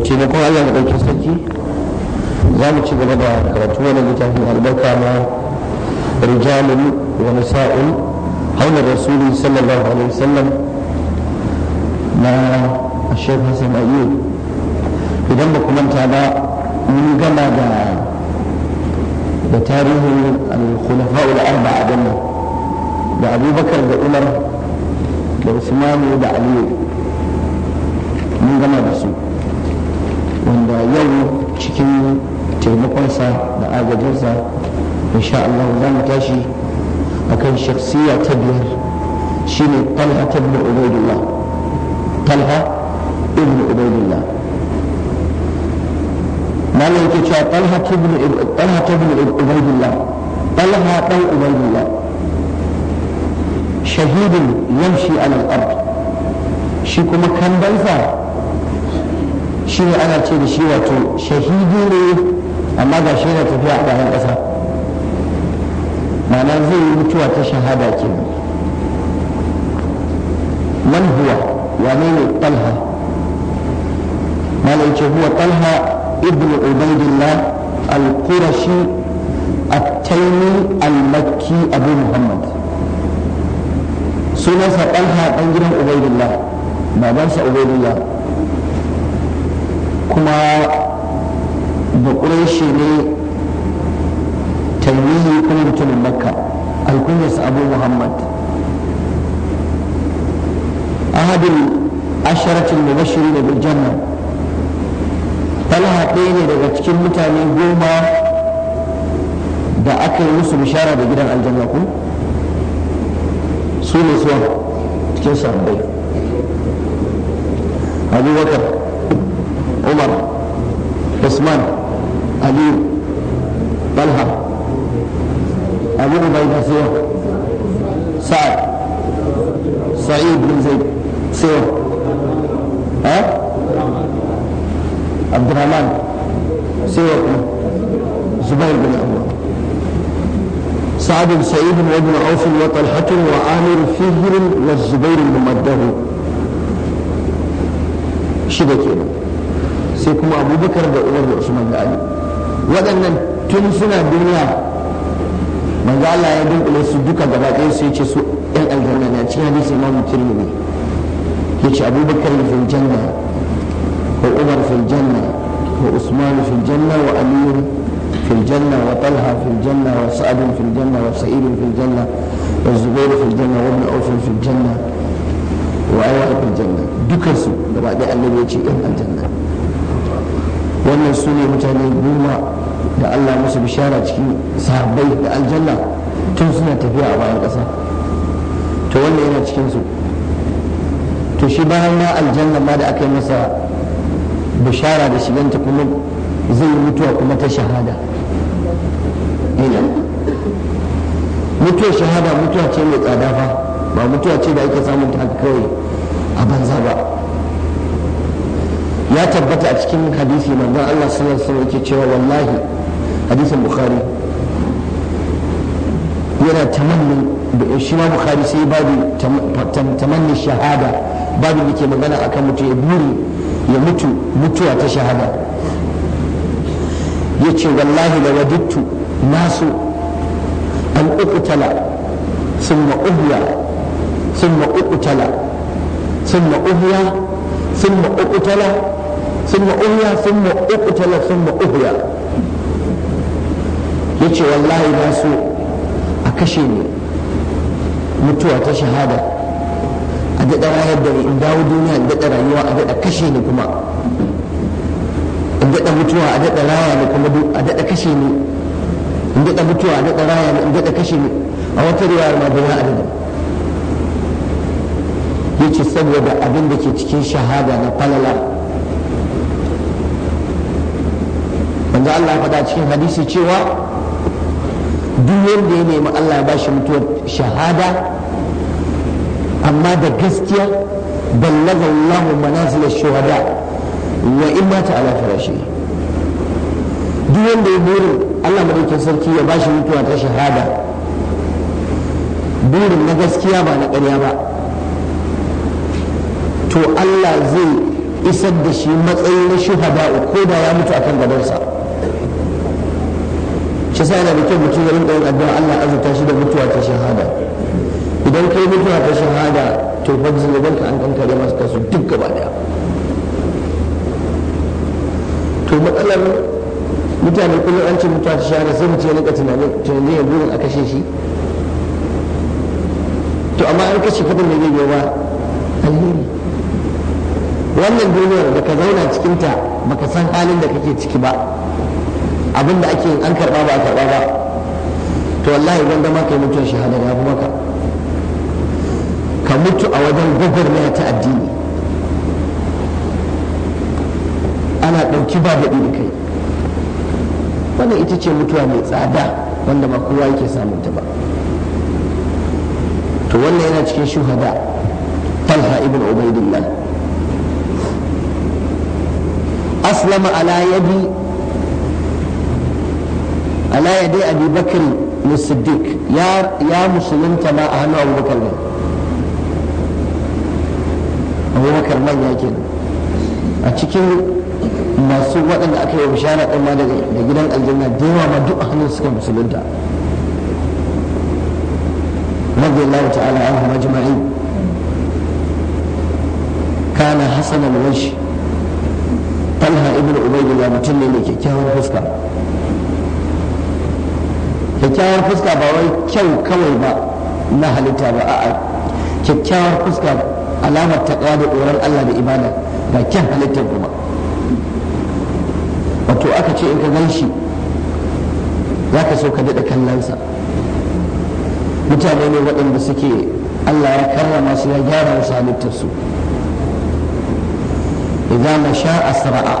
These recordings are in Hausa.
da taimakon Allah da ɗauki sarki za mu ci gaba da karatu wani littafin albarka na rijalun wa nisa'un haunar rasuli sallallahu alaihi wasallam na Sheikh Hassan Ayyub idan ba ku manta ba mun gama da da tarihin al-khulafa'ul arba'a din da Abubakar da Umar da Usman da aliyu mun gama da su yau cikin taimakonsa da agajinsa insha Allah za mu tashi akan shaksiya ta biyar shine talha ta ibn ubaidullah talha ibn ubaidullah malam yake cewa talha ta ibn talha ta ibn ubaidullah talha dan ubaidullah shahidin yamshi ala al-ard shi kuma kan shi ne ana ce da shi wato shahidi ne amma ga shi yana tafiya a bayan ƙasa ma'ana zai yi mutuwa ta shahada ke man huwa wane ne talha malai ce huwa talha ibn ubaidillah al-qurashi at-taymi al-makki abu muhammad sunansa talha dan gidan ubaidillah babansa ubaidillah kuma da ƙureshi ne tarihi kuma mutumin makka alkunyarsa abu muhammad ahadin asharatin da bashiri da biljanna talha ɗaya ne daga cikin mutane goma da aka yi musu bishara da gidan aljanna ku su ne suwa cikin sabbai abubakar عمر عثمان علي طلحة أبو عبيدة سوى سعد سعيد بن زيد سوى ها عبد الرحمن سوى زبير بن عمر سعد بن سعيد وابن عوف وطلحة وعامر فهر والزبير بن مده شبكه sai kuma abubakar da umar da usman da ali waɗannan tun suna duniya manzo Allah ya dunkule su duka gaba ɗaya sai ce su ɗan aljanna na cikin hadisi imam tirmidhi yace abubakar fil janna wa umar fil janna wa usman fil janna wa ali fil janna wa talha fil janna wa sa'd fil janna wa sa'id fil janna wa zubair fil janna wa ibn auf fil janna wa ayyub fil janna dukansu gaba ɗaya annabi ce ɗan aljanna wannan su ne mutane goma da Allah musu bishara cikin sahabbai da aljanna tun suna tafiya a bayan ƙasa to wannan yana cikin su to shi bayan ma aljanna ma da aka yi masa bishara da shiganta kuma zai mutuwa kuma ta shahada mutuwar shahada mutuwa ce mai tsada fa ba mutuwa ce da ake samun ta kawai a banza ba ya tabbata a cikin hadisi manzon Allah sallallahu alaihi wasallam cewa wallahi hadisin bukhari yana tamanni shi ma bukhari sai babu tamanni shahada babu da ke magana akan mutu ya buri ya mutu mutuwa ta shahada ya ce wallahi da wadittu nasu an uqtala sun ma'ubuwa sun ma'ubutala sun ma'ubuwa sun ma'ubutala ثم أهيا ثم أقتل ثم أهيا yace wallahi na so a kashe ni mutuwa ta shahada a daɗa rayar da in dawo duniya in daɗa rayuwa a daɗa kashe ni kuma in daɗa mutuwa a daɗa raya ni kuma a daɗa kashe ni in daɗa mutuwa a daɗa raya ni in daɗa kashe a wata ma adadin saboda abin da ke cikin shahada na falala manzo Allah ya faɗa cikin hadisi cewa duk wanda ya nemi Allah ya bashi mutuwar shahada amma da gaskiya ballaga Allah manazil shuhada wa imma ta ala farashi duk wanda ya burin Allah madaukakin sarki ya bashi mutuwa ta shahada burin na gaskiya ba na ƙarya ba to Allah zai isar da shi matsayin shuhada ko da ya mutu akan gadarsa shi sa yana da kyau mutum ya rinka yin addu'a Allah azurta shi da mutuwa ta shahada idan kai mutuwa ta shahada to fa zunuban ka an kankare masu kasu duk gaba daya to matsalar mutane kullum an ce mutuwa ta shahada sai mutum ya rinka tunanin ya burin a kashe shi to amma an kashe kudin da zai ba alheri wannan duniyar da ka zauna cikinta baka san halin da kake ciki ba abinda da ake an karba ba a karba ba to wallahi wanda ma kai mutuwar shahada ya fi maka ka mutu a wajen gwagwarmaya ta addini ana ɗauki ba daɗi da kai wannan ita ce mutuwa mai tsada wanda ba kowa yake samun ta ba to wannan yana cikin shuhada talha ibn ubaidillah aslama ala yadi ala ya dai abi bakr ya ya musulunta ma a hannu abubakar ne abubakar manya kenan a cikin masu waɗanda aka yi bishara ɗin ma daga gidan aljanna da yawa ma duk hannun suka musulunta رضي الله تعالى عنهم أجمعين كان حسن الوجه طلحة ابن عبيد الله متلي لك كهو فسكر kyakkyawar fuska ba wai kyau kawai ba na halitta ba a'a kyakkyawar fuska alamar taqwa da tsoron Allah da ibada ba kyan halittar kuma wato aka ce in ka gan shi za ka so ka daɗa kallonsa mutane ne waɗanda suke Allah ya karrama su ya gyara wasu halittarsu idan na sha asra'a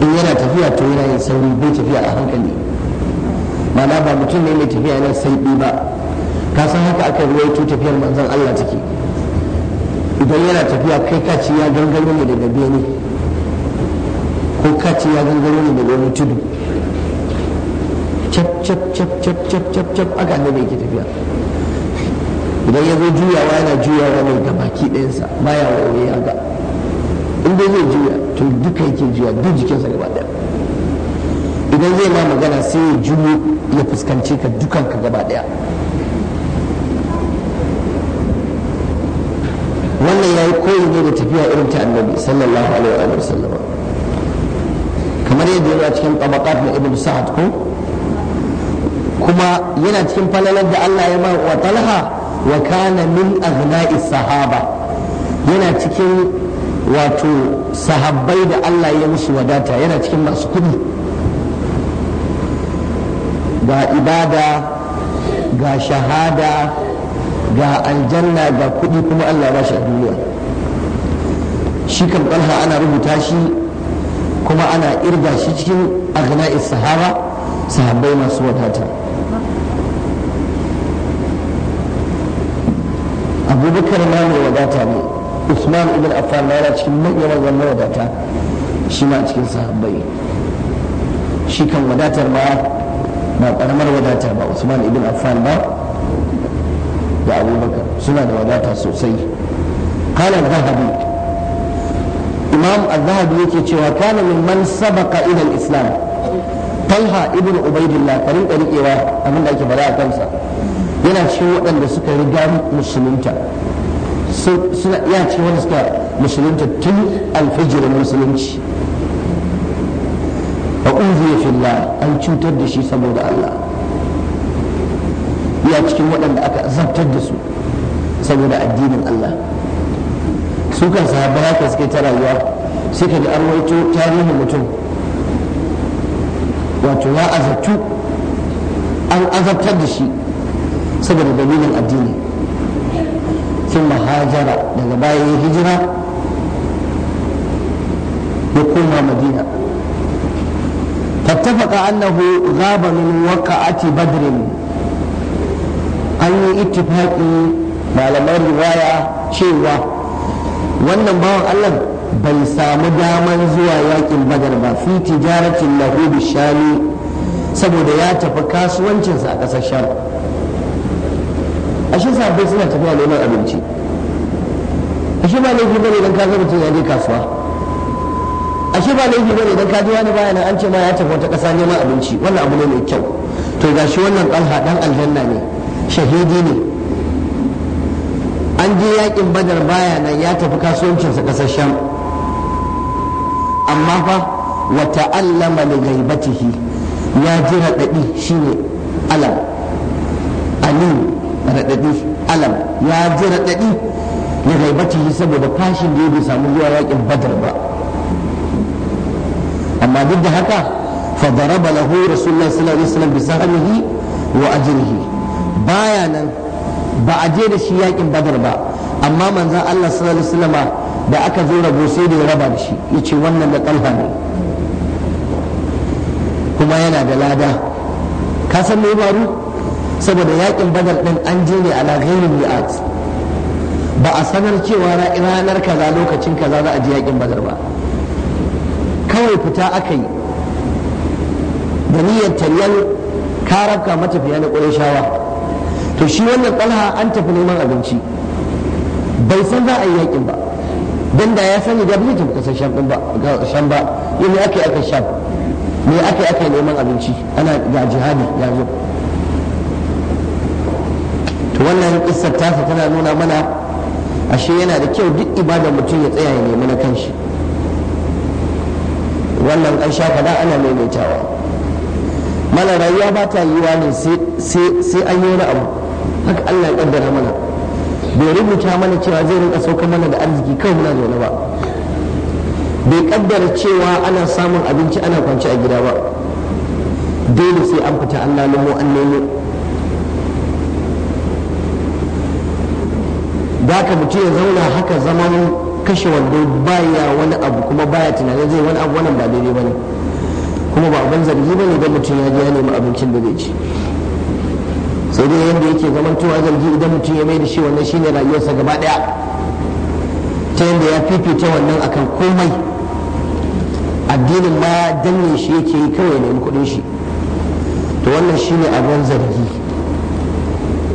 in yana tafiya to yana yin sauri bai tafiya a hankali mana ba mutum ne mai tafiya na saiɓi ba ka san haka aka ruwaito tafiyar manzon Allah take idan yana tafiya kai ka ci ya gangaro ne daga bene ko ka ci ya gangaro ne daga wani tudu cap cap cap cap cap cap cap aka annabi yake tafiya idan ya zo juyawa yana juyawa mai ga baki ɗayansa baya wa ya ga inda zai juya to duka yake juya duk jikinsa gaba ɗaya idan zai ma magana sai ya juyo ya fuskance ka dukan ka gaba daya wannan ya yi koyi ne da tafiya irin ta annabi sallallahu alaihi wa sallam kamar yadda yana cikin tabaqat na ibnu sa'ad ko kuma yana cikin falalar da Allah ya ba wa talha wa kana min aghna'i sahaba yana cikin wato sahabbai da Allah ya musu wadata yana cikin masu kudi ga ibada ga shahada ga aljanna ga kuɗi kuma Allah ba shi a duniya shi kan ɗalha ana rubuta shi kuma ana irga shi cikin agna'is sahaba sahabbai masu wadata abubakar ma mai wadata ne usman ibn affan ma yana cikin manyan wadata, shi ma cikin sahabbai shi kan wadatar ma ba karamar wadata ba usman ibn affan ba da abubakar suna da wadata sosai kalan zahabi imam al-zahabi yake cewa kana min man sabaka ila islam talha ibn ubaidillah karin ɗariƙewa abin da ake bada a kansa yana cikin waɗanda suka riga musulunta suna iya cikin wanda suka musulunta tun alfijirin musulunci uziya fillah an cutar da shi saboda Allah ya cikin waɗanda aka azabtar da su saboda addinin Allah su kan sahabbai haka suke ta rayuwa sai ka ji tarihin mutum wato ya azabtu an azabtar da shi saboda dalilin addini sun mahajara daga baya ya hijira ya koma madina fattafaka annahu ghaba min waqa'ati badrin an yi ittifaqi malaman riwaya cewa wannan bawan Allah bai samu daman zuwa yakin badar ba fi tijaratin lahu bishani saboda ya tafi kasuwancinsa a ƙasar sham ashe sabai suna tafiya neman abinci ashe ba laifi bane idan ka ga mutum ya je kasuwa ashe ba laifi bane idan kaji wani baya nan an ce ma ya tafi wata kasa neman abinci wannan abu ne mai kyau to gashi wannan ɗalha ɗan aljanna ne shahidi ne an je yakin badar baya nan ya tafi kasuwancinsa kasar sham amma fa wa ta'allama li ghaibatihi ya ji raɗaɗi shine alam alim raɗaɗi alam ya ji raɗaɗi li ghaibatihi saboda fashin da ya bai samu zuwa yakin badar ba amma duk da haka fa daraba lahu rasulullahi sallallahu alaihi wasallam bi sahmihi wa ajrihi baya nan ba a je da shi yakin badar ba amma manzon Allah sallallahu alaihi wasallam da aka zo rabo sai da ya raba da shi yace wannan da talha ne kuma yana da lada ka san me faru saboda yakin badar din an je ne ala ghairi mi'at ba a sanar cewa ranar kaza lokacin kaza za a je yakin badar ba kawai fita aka yi da niyyar tallan karabka matafiya na shawa, to shi wannan ɗalha an tafi neman abinci bai san za a yi yakin ba don da ya sani da bai tafi kasar shan ba yau ne aka yi aka shan, me aka yi aka yi neman abinci ana ga jihadi ya zo to wannan kissar tasa tana nuna mana ashe yana da kyau duk ibadan mutum ya tsaya ya nemi na kanshi wannan an sha faɗa ana maimaitawa mana rayuwa ba ta yiwa ne sai an yi wani abu haka allah ya ƙaddara mana bai rubuta mana cewa zai rinka sauka mana da arziki kawai muna zaune ba bai ƙaddara cewa ana samun abinci ana kwanci a gida ba dole sai an fita an lalumo an nemo da ka mutu ya zauna haka zaman kashe wando baya wani abu kuma baya tunanin zai wani abu wannan ba daidai bane kuma ba abin zargi bane don mutum ya je ya nemi abincin da zai ci sai dai yadda yake zamantowa zargi idan mutum ya mai da shi wannan shine rayuwarsa gaba daya ta yadda ya fifita wannan akan komai addinin ma danne shi yake yi kawai nemi kuɗin shi to wannan shine abin zargi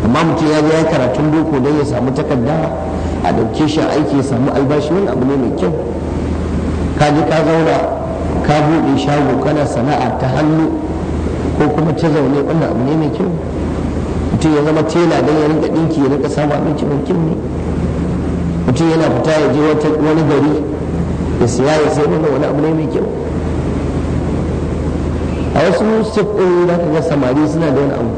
amma mutum ya je ya karatun boko don ya samu takarda a ɗauke shi aiki ya samu albashi wani abu ne mai kyau ka ji ka zauna ka buɗe shago kana sana'a ta hannu ko kuma ta zaune wannan abu ne mai kyau mutum ya zama tela don ya rinka ɗinki ya rinka samu abinci mai kyau ne mutum yana fita ya je wani gari ya siya ya sai mana wani abu ne mai kyau a wasu step ɗin za ka ga samari suna da wani abu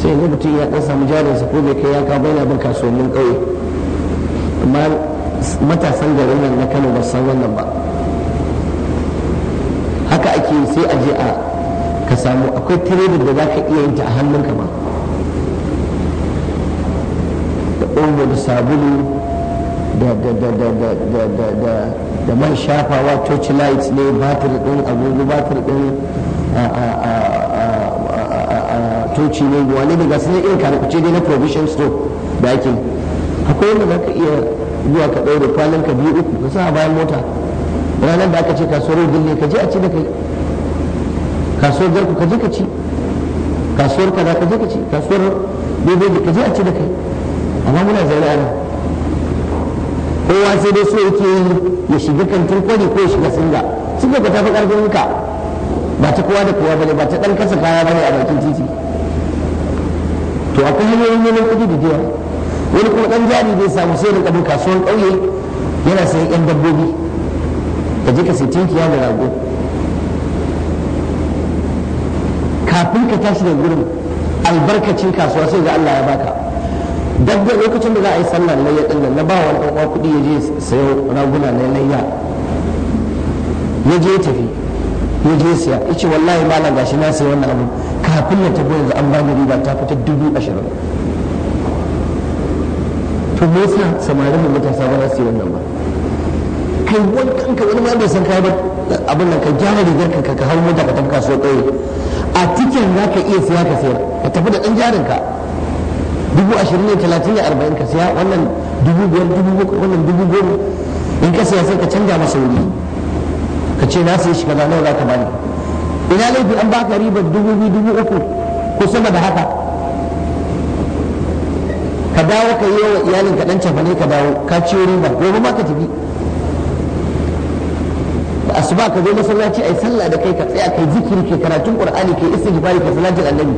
sai ne mutum ya ɗan samu jarinsa ko bai kai ya kawo bai na bin kasuwannin ƙauye matasan garin nan na kano ba san wannan ba haka ake sai a je a ka samu akwai tiredin da za ka iya yin ta a hannunka ma da omo da sabulu da man shafawa torch lights ne batir din agogo batir din toci ne wani a a irin a dai na a store da a akwai wanda za ka iya zuwa ka ɗaure kwanan ka biyu uku ka sa bayan mota ranar da aka ce kasuwar rubin ne ka je a ci da kai kasuwar jarku ka je ka ci kasuwar kaza ka je ka ci kasuwar ne ka je a ci da kai amma muna zaune ana kowa sai dai so yake yi ya shiga kantin kwari ko ya shiga singa singa ta fi karfin ka ba ta kowa da kowa bane ba ta dan kasa kaya bane a bakin titi to akwai hanyoyin neman kuɗi da jiya wani kuma dan jari bai samu sai rinka bin kasuwan ƙauye yana sayan yan dabbobi da jika sai tinkiya da rago kafin ka tashi da gurin albarkacin kasuwa sai ga Allah ya baka dabba lokacin da za a yi sallar laye din nan na ba wani dan uwa ya je sayo raguna na layya ya je tafi ya je siya ya ce wallahi malam gashi na sayi wannan abu kafin na tafi yanzu an ba ni riba ta fita dubu ashirin to me yasa samarin da matasa ba za su yi wannan ba kai wani ka wani ma bai san kai ba abin nan ka gyara rigar ka ka hau mota ka tafi kasuwa ɗaya. a cikin za ka iya siya ka siya ka tafi da ɗan jarin ka dubu ashirin ne talatin ne arba'in ka siya wannan dubu biyar dubu bakwai wannan dubu goma in ka siya sai ka canja masa wuri ka ce na siya shi kaza nawa za ka bani ina laifi an baka ribar dubu biyu dubu uku ko sama da haka ka dawo ka yi wa iyalin ka dan cafane ka dawo ka ciyo riba gobe ma ka tafi su asuba ka zo masallaci ai sallah da kai ka tsaya kai zikiri ke karatun qur'ani ke istighfari ka salatin annabi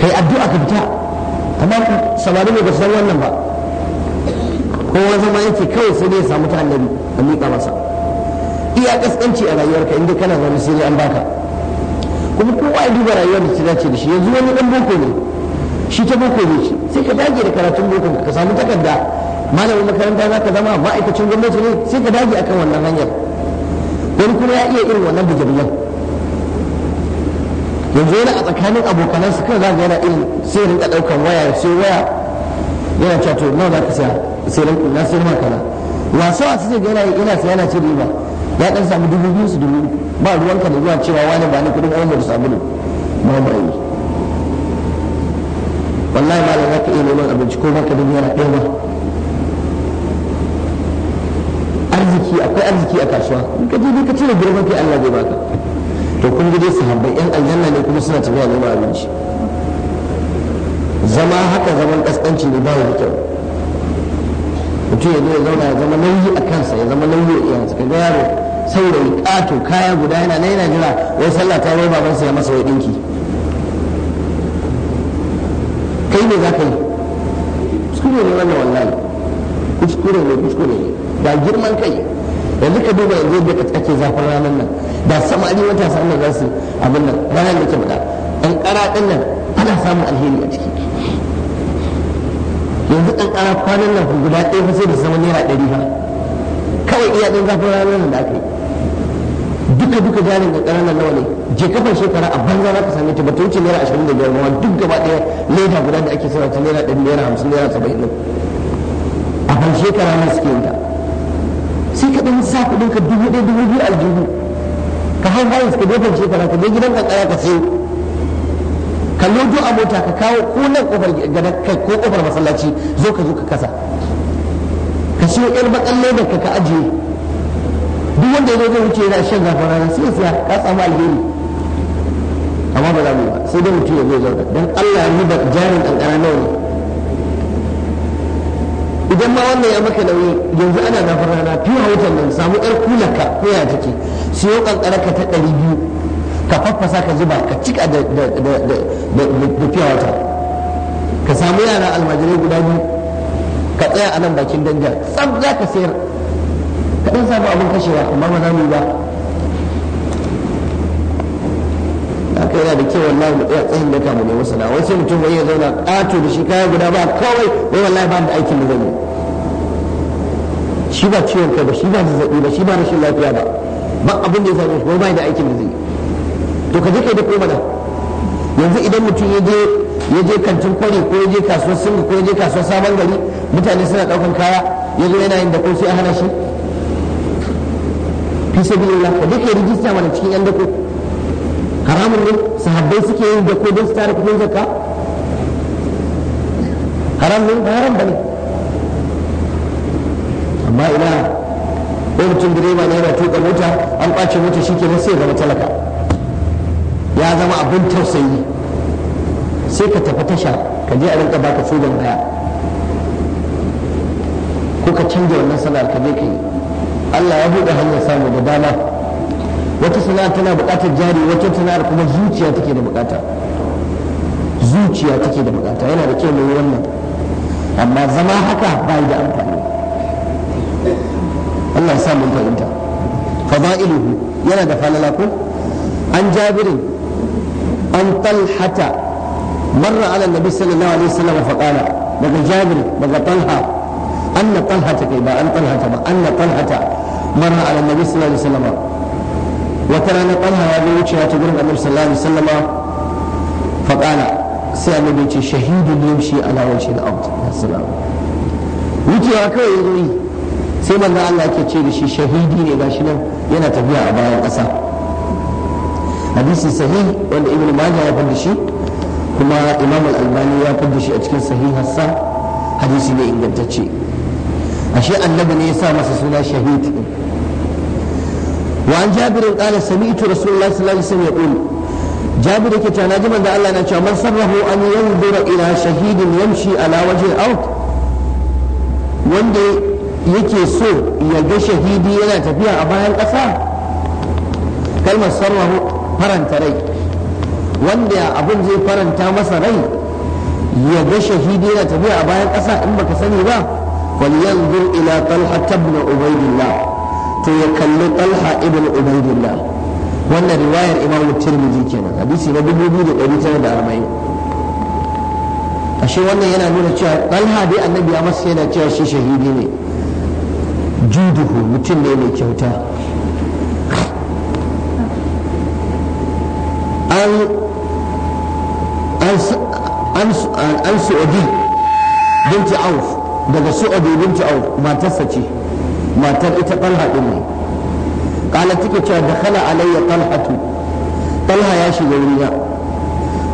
kai addu'a ka fita amma samari ne ba su san wannan ba kowa zama yake kawai sai dai ya samu ta annabi a miƙa masa iya kaskanci a rayuwarka inda kana zaune sai dai an baka kuma kowa ya duba rayuwar da ta dace da shi yanzu wani dan boko ne shi ta boko ne sai ka dage da karatun boko ka samu takarda malamin makaranta za ka zama ma'aikacin gwamnati ne sai ka dage akan wannan hanyar wani kuma ya iya irin wannan bujabiyan yanzu yana a tsakanin abokanan su za zaga yana irin sai rinka daukan waya sai waya yana cewa to nawa za ka saya sai rinka na sai makana wasu wasu zai ga yana yana saya yana ci riba ya ɗan samu dubu biyu su dubu ba ruwanka da zuwa cewa wani ba ni kuɗin da sabulu ba ba yi wallahi malam za ka iya neman abinci ko baka da biyar ɗaya ba arziki akwai arziki a kasuwa in ka je ka cire girman kai Allah zai baka to kun ga dai sahabbai yan aljanna ne kuma suna tafiya neman abinci zama haka zaman kaskanci ne ba da kyau mutum ya zo ya zauna ya zama nauyi a kansa ya zama nauyi a iyansa ka ga yaro saurayi ƙato kaya guda yana na yana jira wai sallah ta wai babansa ya masa wai ɗinki kai ne za ka yi kuskure ne wannan wallahi kuskure ne kuskure ne da girman kai yanzu ka duba yanzu da ake zafin ranar nan da samari matasa nan za su abin nan ranar da ke faɗa ɗan ƙara ɗin nan ana samun alheri a ciki yanzu ɗan ƙara kwanan nan guda ɗaya fa sai da sama naira ɗari fa kawai iya ɗan zafin ranar nan da aka yi duka duka jarin da ƙananan nawa ne je kafin shekara a banza za ka same ta bata wuce naira ashirin da biyar ma duk gaba ɗaya leda guda da ake sarrafa naira ɗari naira hamsin naira saba'in ɗin a kan shekara na suke yin ta sai ka ɗan sa kuɗin ka dubu ɗaya dubu biyu aljihu ka hau bayan ka dokar shekara ka je gidan kankara ka sayo ka lodo a mota ka kawo ko nan kofar gada ko kofar masallaci zo ka zo ka kasa ka siyo ƴar baƙan ledar ka ka ajiye duk wanda ya zai wuce yana shan gafara na sai siya ka samu alheri amma ba za mu ba sai dai mutum ya zo zauna don Allah ya riba jarin kankara nawa ne idan ma wannan ya maka nauyi yanzu ana gafara na fiye hautan nan samu yar kulaka ko ya take siyo kankara ka ta ɗari biyu ka faffasa ka zuba ka cika da fiye ka samu yara almajirai guda biyu ka tsaya a nan bakin danja tsab za ka sayar kaɗan samu abin kashewa amma ba za mu yi ba haka yana da kyau wallahi mu tsaya tsayin da mu ne wasu na wasu mutum wani ya zauna ƙato da shi kaya guda ba kawai wai wallahi ba da aikin da zan yi shi ba ciwon kai ba shi ba zazzaɓi ba shi ba rashin lafiya ba ba abin da ya same shi wai ba da aikin da zai yi to ka je kai da ko mana yanzu idan mutum ya je ya je kantin kwari ko ya je kasuwar singa ko ya je kasuwar sabon gari mutane suna daukan kaya ya zo yana yin da ko sai a hana shi fi sabilillah ka dake rijista mana cikin yan dako haramun ne sahabbai suke yin dako don su tara kudin zakka haram ne ba haram bane amma ina ko mutum direba ne yana tuka mota an kwace mota shi kenan sai ya zama talaka ya zama abin tausayi sai ka tafi tasha ka je a rinka baka sojan baya ko ka canja wannan salar ka je ka yi Allah ya buɗe hanyar samu da dama wata sana'a tana buƙatar jari wata sana'ar kuma zuciya take da buƙata zuciya take da buƙata yana da kyau mai wannan amma zama haka ba da amfani Allah ya samu fahimta fada'iluhu yana da falala ko an jabirin an talhata marra ala nabi sallallahu alaihi wasallam fa qala daga jabir daga talha anna talhata kai ba an talhata ba anna talhata marra wata rana talha ya zo wucewa ta gurin annabi sallallahu alaihi wasallam fa sai annabi ce shahidu yamshi ala wajhi al-ard sallallahu wucewa kawai ya zo yi sai manzon Allah ke ce da shi shahidi ne gashi nan yana tafiya a bayan ƙasa hadisi sahih wanda ibnu majah ya fada shi kuma imam al-albani ya fada shi a cikin sahihar sa hadisi ne ingantacce ashe annabi ne ya sa masa suna shahid wa an jabirin qala sami'tu rasulullahi sallallahu alaihi wasallam yaqul jabir yake cewa naji manzo Allah na cewa man sarrahu an yanzura ila shahidin yamshi ala wajhi al wanda yake so ya ga shahidi yana tafiya a bayan kasa kalmar sarrahu faranta rai wanda abin zai faranta masa rai ya ga shahidi yana tafiya a bayan kasa in baka sani ba ولينظر إلى طلحة بن عبيد الله تيكل طلحة ابن عبيد الله وأن رواية الإمام الترمذي كان حديث نبي بيد أبي تناد أربعين ashe wannan yana nuna cewa ɗalha dai annabi ya masa yana cewa shi shahidi ne juduhu mutum ne mai kyauta an daga su bintu au matarsa ce matar ita talha din ne kala take cewa da kala alayya talhatu talha ya shiga wurina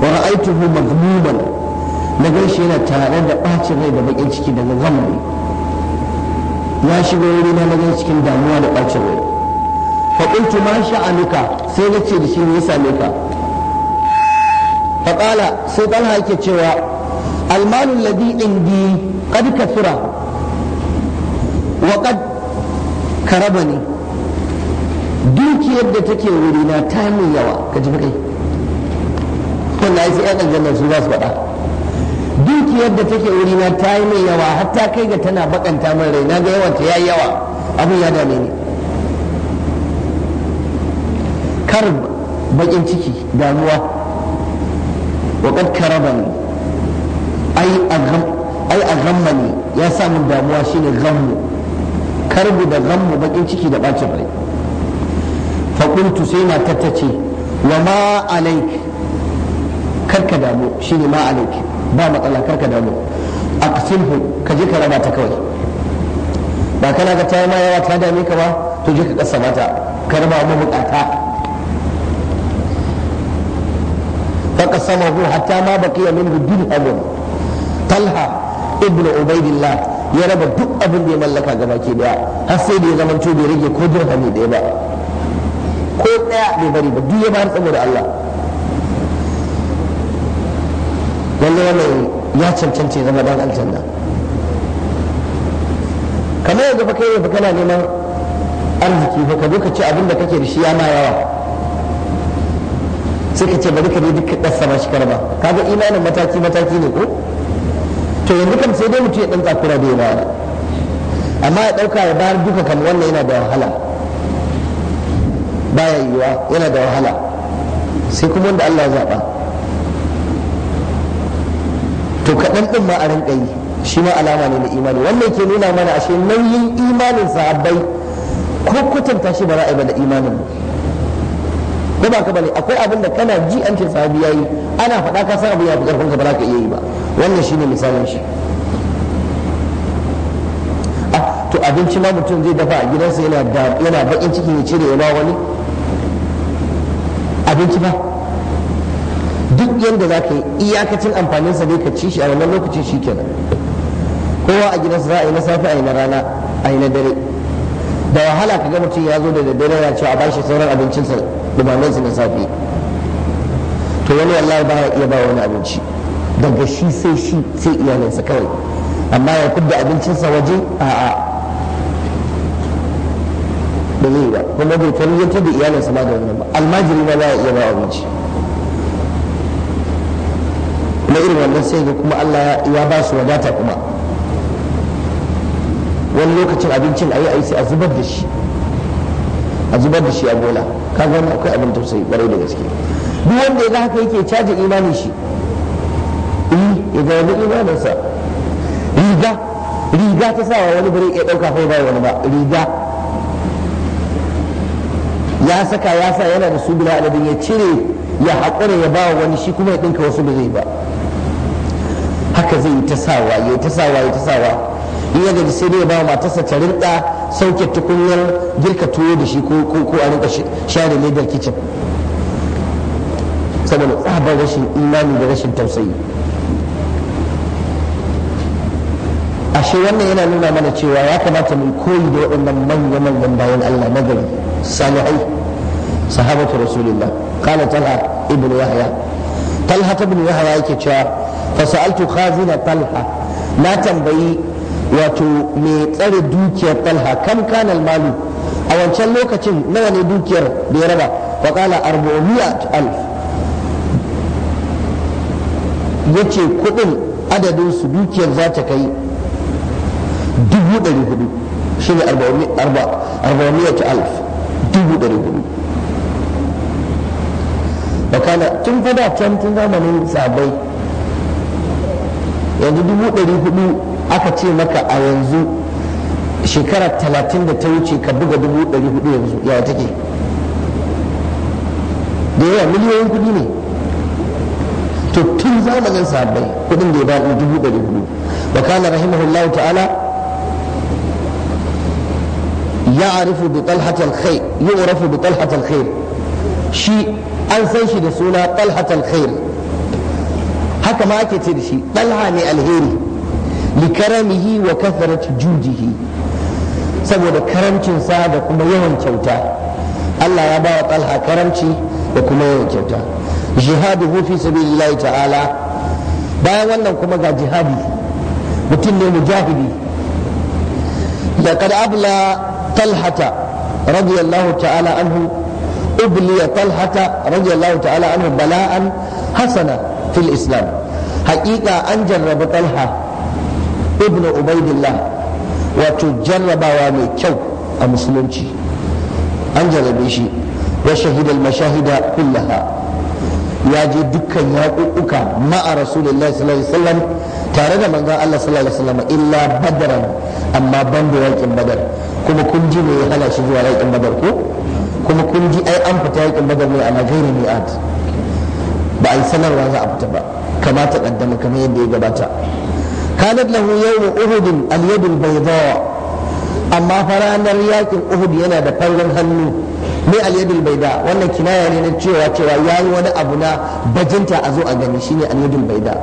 wa ra'aituhu mazmuman na gaishe yana tare da bacin rai da bakin ciki daga zamani ya shiga wurina na gan cikin damuwa da bacin rai fa qultu ma sha'anuka sai nace da shi ne ya same ka fa sai talha yake cewa المال الذي عندي قد كثر وقد كربني dukiyar da take wurina ta mai yawa ka ji kai wanda ai sai yan aljanna su za su faɗa dukiyar da take wurina ta yi mai yawa hatta kai ga tana bakanta min rai na ga yawan ta yayi yawa abin ya dame ni kar ciki damuwa wa karabani ai a gamma ne ya samun damuwa shine gammu karbu da gammu bakin ciki da bacin rai faƙuntu sai na tattace wa ma alaik karka damu shine ma alaik ba matsala karka damu a kasilhu ka je ka raba ta kawai ba kana ga ta ma yawa ta dame ka ba to je ka kasa mata ka raba wa mabukata faƙasamahu hatta ma baƙiya min dirhamun talha ibnu ubaidillah ya raba duk abin da ya mallaka ga baki daya har sai da ya zama to bai rage ko da daya ba ko daya bai bari ba duk ya bar saboda Allah lalle wannan ya cancance zama dan aljanna kamar yadda fa kai ne fa kana neman arziki fa ka duka ci abin da kake da shi ya ma yawa sai ka ce bari ka ne duka ɗasa ba shi karba kaga imanin mataki mataki ne ko to yanzu kam sai dai mutum ya dan tsakura da ba amma ya dauka ya bayar duka kan wannan yana da wahala baya yiwa yana da wahala sai kuma wanda Allah ya zaba to kaɗan ɗin ma a rinƙa yi shi ma alama ne na imani wannan ke nuna mana ashe nauyin imanin sahabbai ko kwatanta shi ba za a yi ba da imanin ba ba ka bane akwai abin da kana ji an ce sahabi yayi ana faɗa ka san abu ya fi karfin ka ba za ka iya yi ba wannan shi ne misalin shi ah, to abinci ma mutum zai dafa a gidansa yana bakin ciki ya cire ya ba wani abinci ba duk yadda za ka yi iyakacin amfaninsa ne ka ci shi a wannan lokacin shi kenan kowa a gidansa za a yi na safe a yi na rana a yi na dare da wahala ka ga mutum ya zo da daddare ya ce a bashi sauran abincinsa dumamansa na safe to wani wallahi ba ya iya ba wani abinci daga shi sai shi sai iyalinsa kawai amma ya kudda abincinsa waje a'a da zai ba kuma bai tarbiyyantar da iyalinsa ma da wannan ba almajiri ma ba ya iya ba abinci na irin wannan sai ga kuma Allah ya ba su wadata kuma wani lokacin abincin a yi a yi sai a zubar da shi a zubar da shi a bola kaga wani akwai abin tausayi kwarai da gaske duk wanda ya ga haka yake caji imanin shi eh ya ga wani imaninsa riga riga ta sa wani bari ya dauka kai ba wani ba riga ya saka ya sa yana da su bila adadin ya cire ya haƙura ya bawa wani shi kuma ya ɗinka wasu ba zai ba haka zai ta sawa ya ta sawa ya ta sawa in ya gaji sai dai ya bawa matarsa ta rinɗa sauke tukunyar girka tuwo da shi ko a rinka share ledar kicin A tsabar rashin imani da rashin tausayi ashe wannan yana nuna mana cewa ya kamata mu koyi da waɗannan manyan manyan bayan Allah na gari salihai sahabatu rasulillah kana talha ibn yahya talha ibn yahya yake cewa fa sa'altu khazina talha na tambayi wato mai tsare dukiyar talha kam kana malu a wancan lokacin nawa ne dukiyar da ya raba fa qala 400 ya ce kuɗin adadin su dukiyar za ta kai dubu ɗari hudu shi ne arba'amiyatu alf dubu ɗari hudu bakana tun fada can tun zamanin sabai yanzu dubu ɗari hudu aka ce maka a yanzu shekara talatin da ta wuce ka buga dubu ɗari hudu yanzu yawa take da yawa miliyoyin kuɗi ne to tun zamanin sahabbai kudin da ya ba dubu ɗari hudu wa kana rahimahullahu ta'ala ya'rifu bi talhatal khair yu'rafu bi talhatal khair shi an san shi da suna talhatal khair haka ma ake ce da shi talha ne alheri li karamihi wa kathrati judihi saboda karamcinsa da kuma yawan kyauta Allah ya ba wa talha karamci da kuma yawan kyauta jihaduhu fi sabilillahi ta'ala bayan wannan kuma ga jihadi mutum ne mujahidi laqad abla talhata radiyallahu ta'ala anhu ubliya talhata radiyallahu ta'ala anhu bala'an hasana fil islam haƙiƙa an jarraba talha ibnu ubaidillah wato jarrabawa mai kyau a musulunci an jarrabe shi wa shahidal mashahida kullaha ya je dukkan yaƙuƙuka ma'a rasulullahi sallallahu alaihi wasallam tare da manzon Allah sallallahu alaihi wasallam illa badran amma ban da badar kuma kun ji me ya hala shi zuwa yakin badar ko kuma kun ji ai an fita yakin badar ne a gairi mi'at ba ai sanarwa za a fita ba kama ta kaddama kamar yadda ya gabata kanat lahu yawmu uhud al al bayda amma faranar ranar uhud yana da fargan hannu mai alyadul baida wannan kinaya ne na cewa cewa yayi wani abu na bajinta a zo a gani shine alyadul baida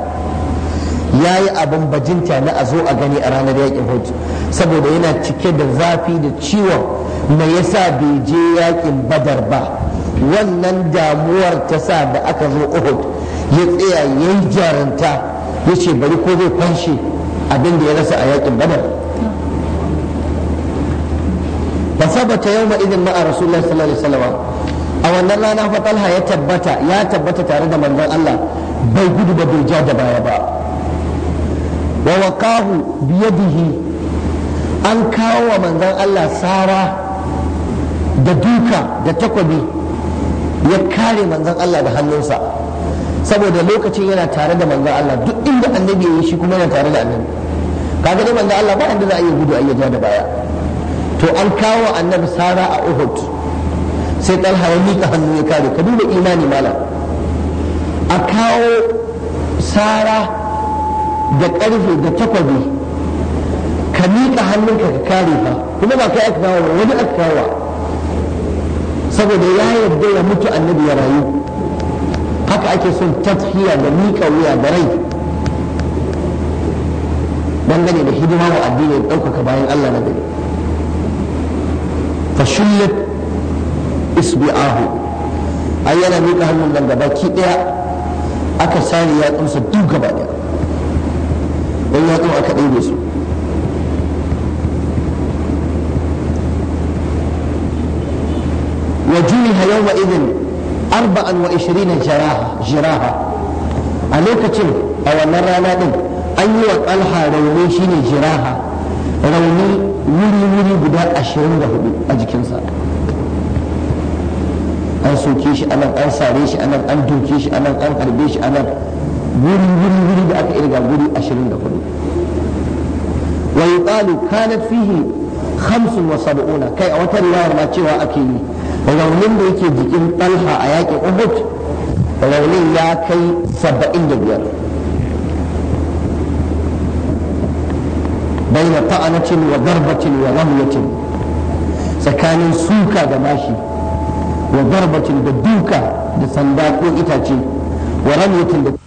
yayi abun bajinta na a zo a gani a ranar yakin hud saboda yana cike da zafi da ciwon me yasa bai je yakin badar ba wannan damuwar ta sa da aka zo uhud ya tsaya yayi jaranta ce bari ko zai fanshe abin da ya rasa a yakin badar fa sabata yawma idin ma'a rasulullahi sallallahu alaihi wasallam a wannan rana fa talha ya tabbata ya tabbata tare da manzon Allah bai gudu ba bai ja da baya ba wa waqahu biyadihi an kawo wa manzon Allah sara da duka da takwabi ya kare manzon Allah da hannunsa saboda lokacin yana tare da manzon Allah duk inda annabi ya yi shi kuma yana tare da annabi kaga dai manzon Allah ba inda za a yi gudu a iya ja da baya to an kawo annabi sara a uhud sai talha ya miƙa hannu ya kare ka duba imani malam a kawo sara da ƙarfe da takwabi ka miƙa hannunka ka kare ba kuma ba kai aka kawo ba wani aka kawo saboda ya yarda ya mutu annabi ya rayu haka ake son tafiya da miƙa wuya da rai dangane da hidima wa addini ya ɗaukaka bayan Allah na gari fashullat isbi'ahu ai yana miƙa hannun nan gaba ki ɗaya aka sare yatsunsa duk gaba ɗaya don yatsun aka ɗebe su Wa وجنح arba'an wa ishirin jiraha, a lokacin a wannan rana din an yi wa ɗalha rauni shine jiraha rauni wuri-wuri guda ashirin da hudu a jikinsa an soke shi anan an sare shi anan an doke shi anan an harbe shi anan wuri wuri wuri da aka irga guri ashirin da hudu wa yuqalu kanat fihi hamsin wa sabu'una kai a wata riwayar ma cewa ake yi raunin da yake jikin talha a yakin uhud raunin ya kai saba'in da biyar baina ta'anatin wa darbatin wa ramyatin tsakanin suka da mashi wa darbatin da duka da sanda ko da